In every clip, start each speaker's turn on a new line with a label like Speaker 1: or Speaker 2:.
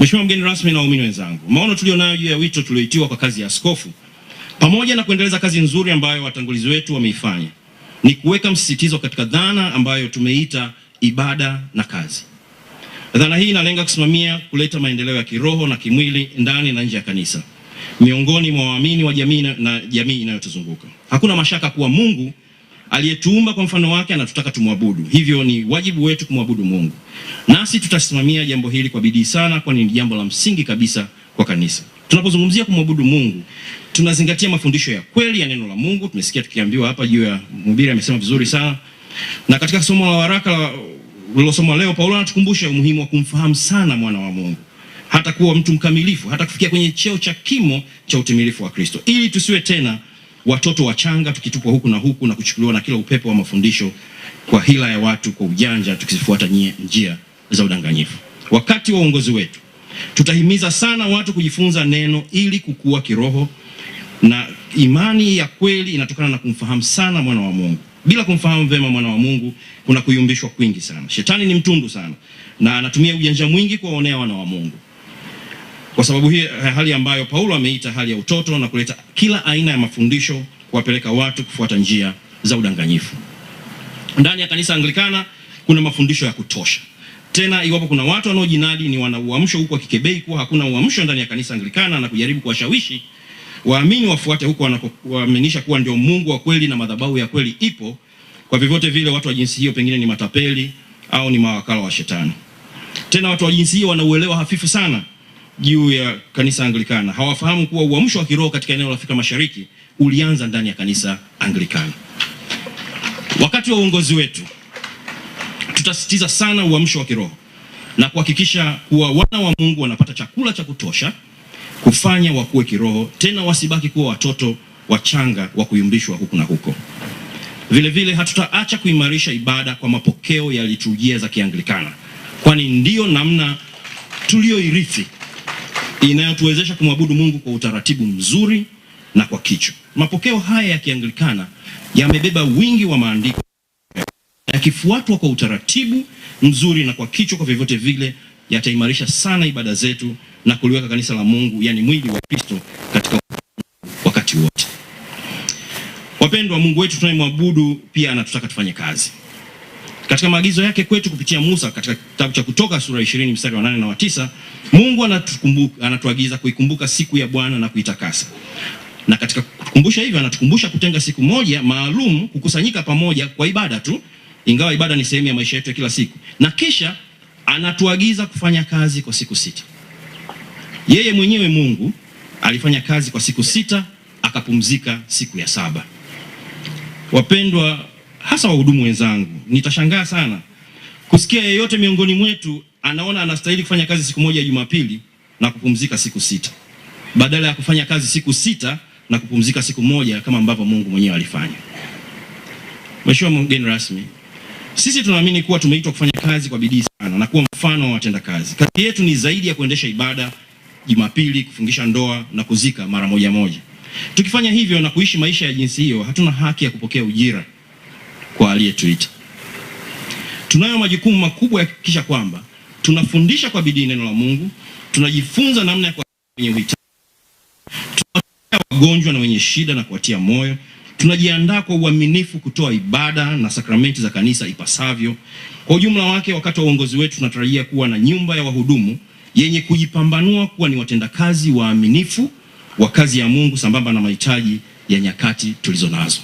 Speaker 1: Mheshimiwa mgeni rasmi na waumini wenzangu, maono tulionayo juu ya wito tulioitiwa kwa kazi ya askofu, pamoja na kuendeleza kazi nzuri ambayo watangulizi wetu wameifanya, ni kuweka msisitizo katika dhana ambayo tumeita ibada na kazi. Dhana hii inalenga kusimamia kuleta maendeleo ya kiroho na kimwili ndani na nje ya kanisa, miongoni mwa waamini wa jamii na jamii inayotuzunguka. Hakuna mashaka kuwa Mungu aliyetuumba kwa mfano wake anatutaka tumwabudu, hivyo ni wajibu wetu kumwabudu Mungu, nasi tutasimamia jambo hili kwa bidii sana, kwani ni jambo la msingi kabisa kwa kanisa. Tunapozungumzia kumwabudu Mungu, tunazingatia mafundisho ya kweli ya neno la Mungu. Tumesikia tukiambiwa hapa juu ya mhubiri, amesema vizuri sana, na katika somo la waraka lililosomwa leo, Paulo anatukumbusha umuhimu wa kumfahamu sana mwana wa Mungu hata kuwa mtu mkamilifu, hata kufikia kwenye cheo cha kimo cha utimilifu wa Kristo, ili tusiwe tena watoto wachanga tukitupwa huku na huku na kuchukuliwa na kila upepo wa mafundisho kwa hila ya watu kwa ujanja, tukizifuata njia za udanganyifu. Wakati wa uongozi wetu tutahimiza sana watu kujifunza neno ili kukua kiroho, na imani ya kweli inatokana na kumfahamu sana mwana wa Mungu. Bila kumfahamu vema mwana wa Mungu kuna kuyumbishwa kwingi sana. Shetani ni mtundu sana na anatumia ujanja mwingi kuwaonea wana wa Mungu. Kwa sababu hii eh, hali ambayo Paulo ameita hali ya utoto na kuleta kila aina ya mafundisho kuwapeleka watu kufuata njia za udanganyifu. Ndani ya kanisa Anglikana kuna mafundisho ya kutosha. Tena iwapo kuna watu wanaojinadi ni wana uamsho huko kikebei kuwa hakuna uamsho ndani ya kanisa Anglikana na kujaribu kuwashawishi waamini wafuate huko wanakoaminisha kuwa ndio Mungu wa kweli na madhabahu ya kweli ipo, kwa vyovyote vile watu wa jinsi hiyo pengine ni matapeli au ni mawakala wa shetani. Tena watu wa jinsi hiyo wanauelewa hafifu sana juu ya kanisa Anglikana hawafahamu kuwa uamsho wa kiroho katika eneo la Afrika Mashariki ulianza ndani ya kanisa Anglikana. Wakati wa uongozi wetu tutasisitiza sana uamsho wa kiroho na kuhakikisha kuwa wana wa Mungu wanapata chakula cha kutosha kufanya wakuwe kiroho, tena wasibaki kuwa watoto wachanga wa kuyumbishwa huku na huko. Vilevile hatutaacha kuimarisha ibada kwa mapokeo ya liturujia za Kianglikana, kwani ndiyo namna tuliyoirithi inayotuwezesha kumwabudu Mungu kwa utaratibu mzuri na kwa kicho. Mapokeo haya ya Kianglikana yamebeba wingi wa maandiko yakifuatwa kwa utaratibu mzuri na kwa kicho, kwa vyovyote vile yataimarisha sana ibada zetu na kuliweka kanisa la Mungu, yani mwili wa Kristo, katika wakati wote. Wapendwa, Mungu wetu tunayemwabudu pia anatutaka tufanye kazi. Katika maagizo yake kwetu kupitia Musa katika kitabu cha Kutoka sura 20 mstari wa 8 na 9, Mungu anatukumbuka, anatuagiza kuikumbuka siku ya Bwana na kuitakasa. Na katika kukumbusha hivyo, anatukumbusha kutenga siku moja maalum kukusanyika pamoja kwa ibada tu, ingawa ibada ni sehemu ya maisha yetu ya kila siku, na kisha anatuagiza kufanya kazi kwa siku sita. Yeye mwenyewe Mungu alifanya kazi kwa siku sita akapumzika siku ya saba. Wapendwa hasa wahudumu wenzangu, nitashangaa sana kusikia yeyote miongoni mwetu anaona anastahili kufanya kazi siku moja ya Jumapili na kupumzika siku sita badala ya kufanya kazi siku sita na kupumzika siku moja kama ambavyo Mungu mwenyewe alifanya. Mheshimiwa mgeni rasmi, sisi tunaamini kuwa tumeitwa kufanya kazi kwa bidii sana na kuwa mfano wa watenda kazi. Kazi yetu ni zaidi ya kuendesha ibada Jumapili, kufungisha ndoa na kuzika mara moja moja. Tukifanya hivyo na kuishi maisha ya jinsi hiyo, hatuna haki ya kupokea ujira kwa aliyetuita. Tunayo majukumu makubwa ya kuhakikisha kwamba tunafundisha kwa bidii neno la Mungu, tunajifunza namna ya wenye uhitaji, tunawatia wagonjwa na wenye shida na kuwatia moyo, tunajiandaa kwa uaminifu kutoa ibada na sakramenti za kanisa ipasavyo. Kwa ujumla wake, wakati wa uongozi wetu tunatarajia kuwa na nyumba ya wahudumu yenye kujipambanua kuwa ni watendakazi waaminifu wa kazi ya Mungu sambamba na mahitaji ya nyakati tulizo nazo.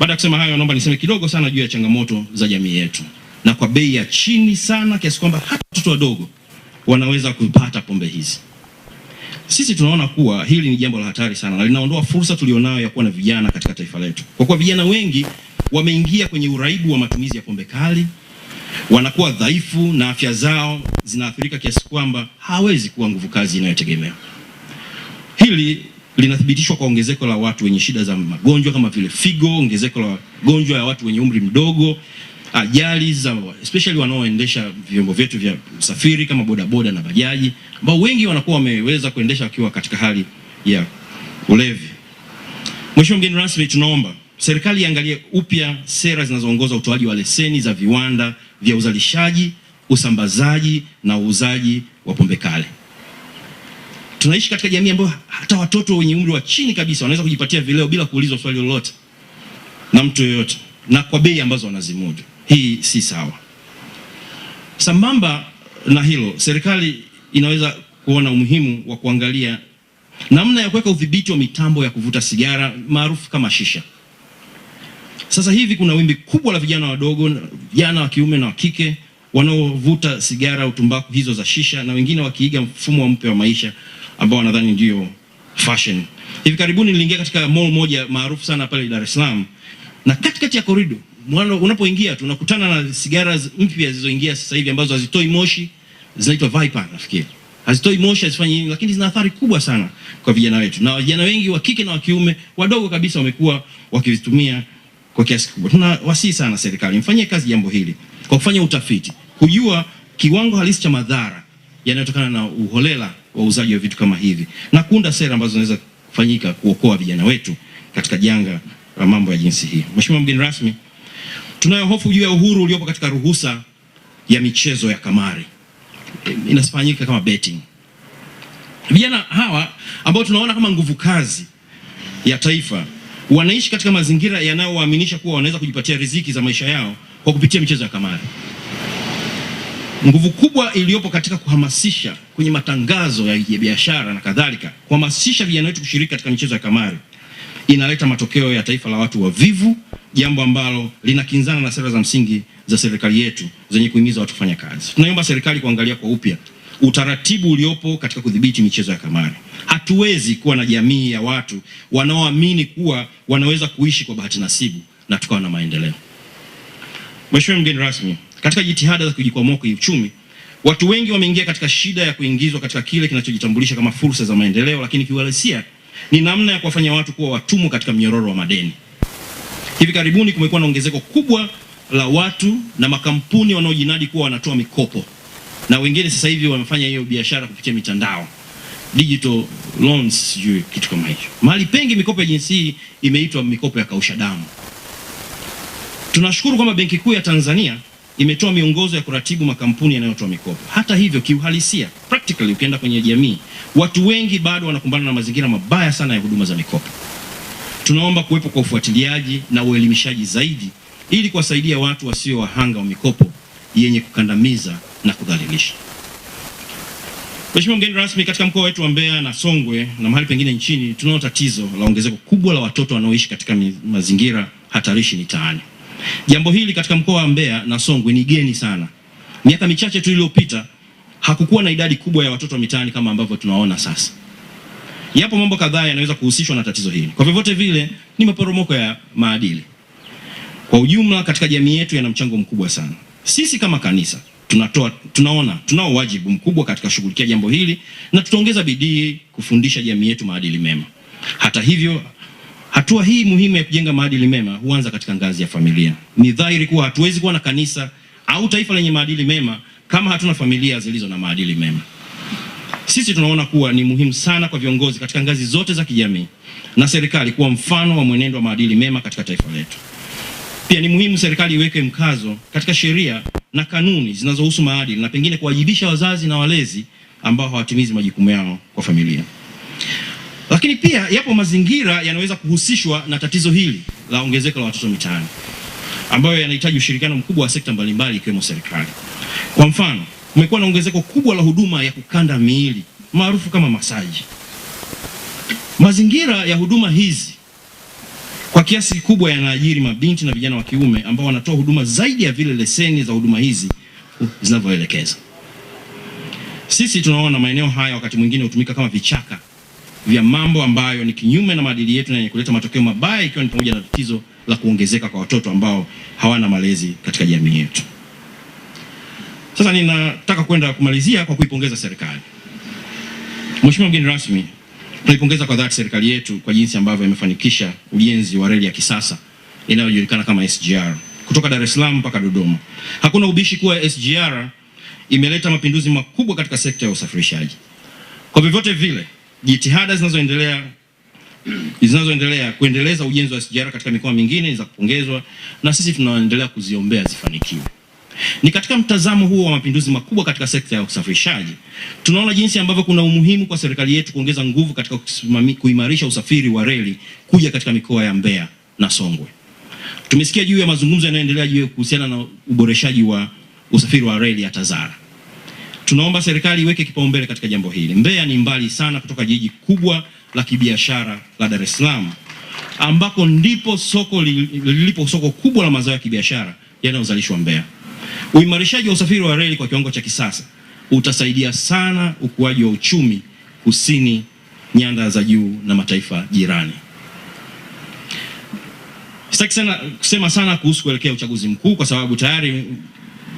Speaker 1: Baada ya kusema hayo, naomba niseme kidogo sana juu ya changamoto za jamii yetu, na kwa bei ya chini sana kiasi kwamba hata watoto wadogo wanaweza kupata pombe hizi. Sisi tunaona kuwa hili ni jambo la hatari sana na linaondoa fursa tulionayo ya kuwa na vijana katika taifa letu, kwa kuwa vijana wengi wameingia kwenye uraibu wa matumizi ya pombe kali, wanakuwa dhaifu na afya zao zinaathirika kiasi kwamba hawezi kuwa nguvu kazi inayotegemewa. Hili linathibitishwa kwa ongezeko la watu wenye shida za magonjwa kama vile figo, ongezeko la magonjwa ya watu wenye umri mdogo, ajali za especially wanaoendesha vyombo vyetu vya usafiri kama bodaboda na bajaji, ambao wengi wanakuwa wameweza kuendesha wakiwa katika hali ya ulevi. Mheshimiwa mgeni rasmi, tunaomba serikali iangalie upya sera zinazoongoza utoaji wa leseni za viwanda vya uzalishaji, usambazaji na uuzaji wa pombe kali. Tunaishi katika jamii ambayo hata watoto wenye umri wa chini kabisa wanaweza kujipatia vileo bila kuulizwa swali lolote na mtu yoyote na kwa bei ambazo wanazimudu. Hii si sawa. Sambamba na hilo, serikali inaweza kuona umuhimu wa kuangalia namna ya kuweka udhibiti wa mitambo ya kuvuta sigara maarufu kama shisha. Sasa hivi kuna wimbi kubwa la vijana wadogo, vijana wa kiume na wa kike wanaovuta sigara au tumbaku hizo za shisha, na wengine wakiiga mfumo mpya wa maisha ambao nadhani ndio fashion. Hivi karibuni niliingia katika mall moja maarufu sana pale Dar es Salaam, na katikati ya korido unapoingia tu unakutana na sigara mpya zilizoingia sasa hivi ambazo hazitoi moshi, zinaitwa Viper nafikiri, hazitoi moshi, hazifanyi nini, lakini zina athari kubwa sana kwa vijana wetu, na vijana wengi wa kike na wa kiume wadogo kabisa wamekuwa wakizitumia kwa kiasi kikubwa. Tuna wasihi sana serikali mfanyie kazi jambo hili kwa kufanya utafiti, kujua kiwango halisi cha madhara yanayotokana na uholela wauzaji wa vitu kama hivi na kuunda sera ambazo zinaweza kufanyika kuokoa vijana wetu katika janga la mambo ya jinsi hii. Mheshimiwa mgeni rasmi, tunayo hofu juu ya uhuru uliopo katika ruhusa ya michezo ya kamari eh, inafanyika kama betting. Vijana hawa ambao tunaona kama nguvu kazi ya taifa wanaishi katika mazingira yanayowaaminisha kuwa wanaweza kujipatia riziki za maisha yao kwa kupitia michezo ya kamari. Nguvu kubwa iliyopo katika kuhamasisha kwenye matangazo ya biashara na kadhalika, kuhamasisha vijana wetu kushiriki katika michezo ya kamari inaleta matokeo ya taifa la watu wavivu, jambo ambalo linakinzana na sera za msingi za serikali yetu zenye kuhimiza watu kufanya kazi. Tunaomba serikali kuangalia kwa upya utaratibu uliopo katika kudhibiti michezo ya kamari. Hatuwezi kuwa na jamii ya watu wanaoamini kuwa wanaweza kuishi kwa bahati nasibu na tukawa na maendeleo. Mheshimiwa mgeni rasmi, katika jitihada za kujikwamua kiuchumi Watu wengi wameingia katika shida ya kuingizwa katika kile kinachojitambulisha kama fursa za maendeleo, lakini kiuhalisia ni namna ya kuwafanya watu kuwa watumwa katika mnyororo wa madeni. Hivi karibuni kumekuwa na ongezeko kubwa la watu na makampuni wanaojinadi kuwa wanatoa mikopo, na wengine sasa hivi wamefanya hiyo biashara kupitia mitandao digital loans, sijui kitu kama hicho. Mahali pengi mikopo ya jinsi hii imeitwa mikopo ya kausha damu. Tunashukuru kwamba Benki Kuu ya Tanzania imetoa miongozo ya kuratibu makampuni yanayotoa mikopo. Hata hivyo, kiuhalisia, practically, ukienda kwenye jamii, watu wengi bado wanakumbana na mazingira mabaya sana ya huduma za mikopo. Tunaomba kuwepo kwa ufuatiliaji na uelimishaji zaidi ili kuwasaidia watu wasio wahanga wa mikopo yenye kukandamiza na kudhalilisha. Mheshimiwa mgeni rasmi, katika mkoa wetu wa Mbeya na Songwe na mahali pengine nchini tunao tatizo la ongezeko kubwa la watoto wanaoishi katika mazingira hatarishi mitaani. Jambo hili katika mkoa wa Mbeya na Songwe ni geni sana. Miaka michache tu iliyopita hakukuwa na idadi kubwa ya watoto mitaani kama ambavyo tunaona sasa. Yapo mambo kadhaa yanaweza kuhusishwa na tatizo hili. Kwa vyovyote vile ni maporomoko ya maadili. Kwa ujumla katika jamii yetu yana mchango mkubwa sana. Sisi kama kanisa tunatoa tunaona tunao wajibu mkubwa katika shughulikia jambo hili na tutaongeza bidii kufundisha jamii yetu maadili mema. Hata hivyo Hatua hii muhimu ya kujenga maadili mema huanza katika ngazi ya familia. Ni dhahiri kuwa hatuwezi kuwa na kanisa au taifa lenye maadili mema kama hatuna familia zilizo na maadili mema. Sisi tunaona kuwa ni muhimu sana kwa viongozi katika ngazi zote za kijamii na serikali kuwa mfano wa mwenendo wa maadili mema katika taifa letu. Pia ni muhimu serikali iweke mkazo katika sheria na kanuni zinazohusu maadili na pengine kuwajibisha wazazi na walezi ambao hawatimizi majukumu yao kwa familia. Lakini pia yapo mazingira yanaweza kuhusishwa na tatizo hili la ongezeko la watoto mitaani ambayo yanahitaji ushirikiano mkubwa wa sekta mbalimbali ikiwemo serikali. Kwa mfano, kumekuwa na ongezeko kubwa la huduma ya kukanda miili maarufu kama masaji. Mazingira ya huduma hizi kwa kiasi kikubwa yanaajiri mabinti na vijana wa kiume ambao wanatoa huduma zaidi ya vile leseni za huduma hizi zinavyoelekeza. Sisi tunaona maeneo haya wakati mwingine hutumika kama vichaka vya mambo ambayo ni kinyume na maadili yetu na yenye kuleta matokeo mabaya, ikiwa ni pamoja na tatizo la kuongezeka kwa watoto ambao hawana malezi katika jamii yetu. Sasa ninataka kwenda kumalizia kwa kuipongeza serikali. Mheshimiwa mgeni rasmi, tunaipongeza kwa dhati serikali yetu kwa jinsi ambavyo imefanikisha ujenzi wa reli ya kisasa inayojulikana kama SGR kutoka Dar es Salaam mpaka Dodoma. Hakuna ubishi kuwa SGR imeleta mapinduzi makubwa katika sekta ya usafirishaji. Kwa vyovyote vile Jitihada zinazoendelea zinazoendelea kuendeleza ujenzi wa SGR katika mikoa mingine ni za kupongezwa na sisi tunaendelea kuziombea zifanikiwe. Ni katika mtazamo huo wa mapinduzi makubwa katika sekta ya usafirishaji, tunaona jinsi ambavyo kuna umuhimu kwa serikali yetu kuongeza nguvu katika kuimarisha usafiri wa reli kuja katika mikoa ya Mbeya na Songwe. Tumesikia juu ya mazungumzo yanayoendelea juu kuhusiana na uboreshaji wa usafiri wa reli ya Tazara. Tunaomba serikali iweke kipaumbele katika jambo hili. Mbeya ni mbali sana kutoka jiji kubwa la kibiashara la Dar es Salaam ambako ndipo soko lilipo soko kubwa la mazao ya kibiashara yanayozalishwa Mbeya. Uimarishaji wa usafiri wa reli kwa kiwango cha kisasa utasaidia sana ukuaji wa uchumi kusini, nyanda za juu na mataifa jirani. Sitaki kusema sana kuhusu kuelekea uchaguzi mkuu kwa sababu tayari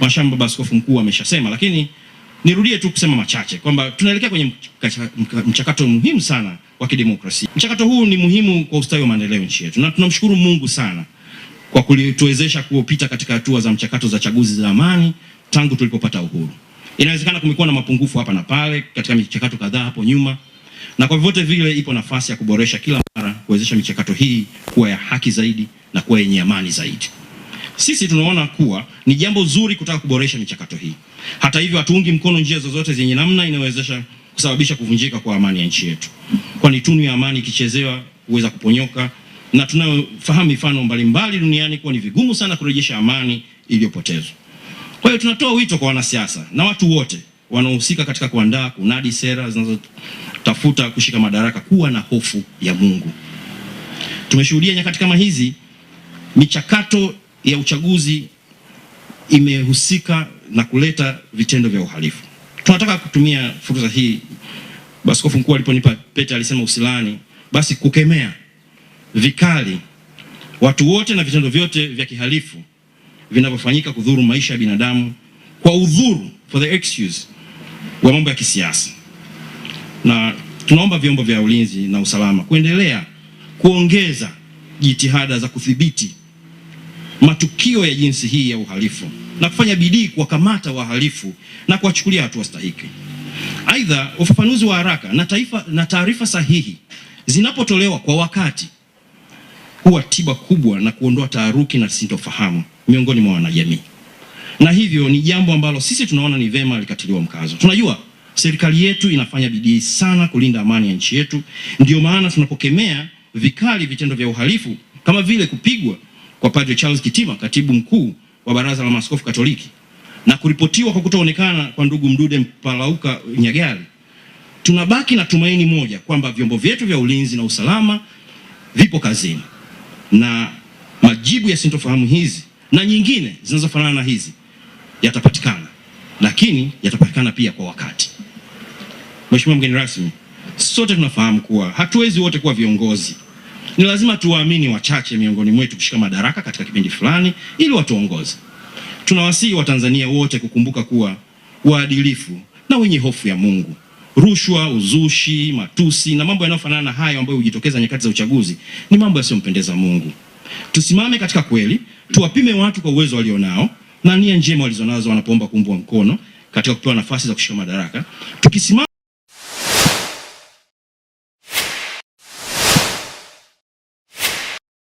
Speaker 1: mashamba Askofu mkuu ameshasema, lakini Nirudie tu kusema machache kwamba tunaelekea kwenye mchakato muhimu sana wa kidemokrasia. Mchakato huu ni muhimu kwa ustawi wa maendeleo nchi yetu, na tunamshukuru Mungu sana kwa kutuwezesha kuopita katika hatua za mchakato za chaguzi za amani tangu tulipopata uhuru. Inawezekana kumekuwa na mapungufu hapa na pale katika michakato kadhaa hapo nyuma, na kwa vyovyote vile ipo nafasi ya kuboresha kila mara, kuwezesha michakato hii kuwa ya haki zaidi na kuwa yenye amani zaidi. Sisi tunaona kuwa ni jambo zuri kutaka kuboresha michakato hii. Hata hivyo, hatuungi mkono njia zozote zenye namna inayowezesha kusababisha kuvunjika kwa amani ya nchi yetu, kwani tunu ya amani ikichezewa huweza kuponyoka, na tunafahamu mifano mbalimbali duniani kuwa ni vigumu sana kurejesha amani iliyopotezwa. Kwa hiyo tunatoa wito kwa wanasiasa na watu wote wanaohusika katika kuandaa, kunadi sera zinazotafuta kushika madaraka kuwa na hofu ya Mungu. Tumeshuhudia nyakati kama hizi michakato ya uchaguzi imehusika na kuleta vitendo vya uhalifu. Tunataka kutumia fursa hii, baskofu mkuu aliponipa pete alisema usilani, basi kukemea vikali watu wote na vitendo vyote vya kihalifu vinavyofanyika kudhuru maisha ya binadamu kwa udhuru, for the excuse wa mambo ya kisiasa, na tunaomba vyombo vya ulinzi na usalama kuendelea kuongeza jitihada za kudhibiti matukio ya jinsi hii ya uhalifu na kufanya bidii kuwakamata wahalifu na kuwachukulia hatua stahiki. Aidha, ufafanuzi wa haraka na taifa na taarifa sahihi zinapotolewa kwa wakati huwa tiba kubwa na kuondoa taharuki na sintofahamu miongoni mwa wanajamii, na hivyo ni jambo ambalo sisi tunaona ni vema likatiliwa mkazo. Tunajua serikali yetu inafanya bidii sana kulinda amani ya nchi yetu, ndiyo maana tunapokemea vikali vitendo vya uhalifu kama vile kupigwa kwa Padre Charles Kitima, katibu mkuu wa Baraza la Maaskofu Katoliki, na kuripotiwa kwa kutoonekana kwa ndugu Mdude Mpalauka Nyagali, tunabaki na tumaini moja kwamba vyombo vyetu vya ulinzi na usalama vipo kazini na majibu ya sintofahamu hizi na nyingine zinazofanana na hizi yatapatikana, lakini yatapatikana pia kwa wakati. Mheshimiwa mgeni rasmi, sote tunafahamu kuwa hatuwezi wote kuwa viongozi. Ni lazima tuwaamini wachache miongoni mwetu kushika madaraka katika kipindi fulani ili watuongoze. Tunawasihi Watanzania wote kukumbuka kuwa waadilifu na wenye hofu ya Mungu. Rushwa, uzushi, matusi na mambo yanayofanana na hayo ambayo hujitokeza nyakati za uchaguzi ni mambo yasiyompendeza Mungu. Tusimame katika kweli, tuwapime watu kwa uwezo walionao na nia njema walizonazo wanapoomba kuumbwa mkono katika kupewa nafasi za kushika madaraka. Tukisimama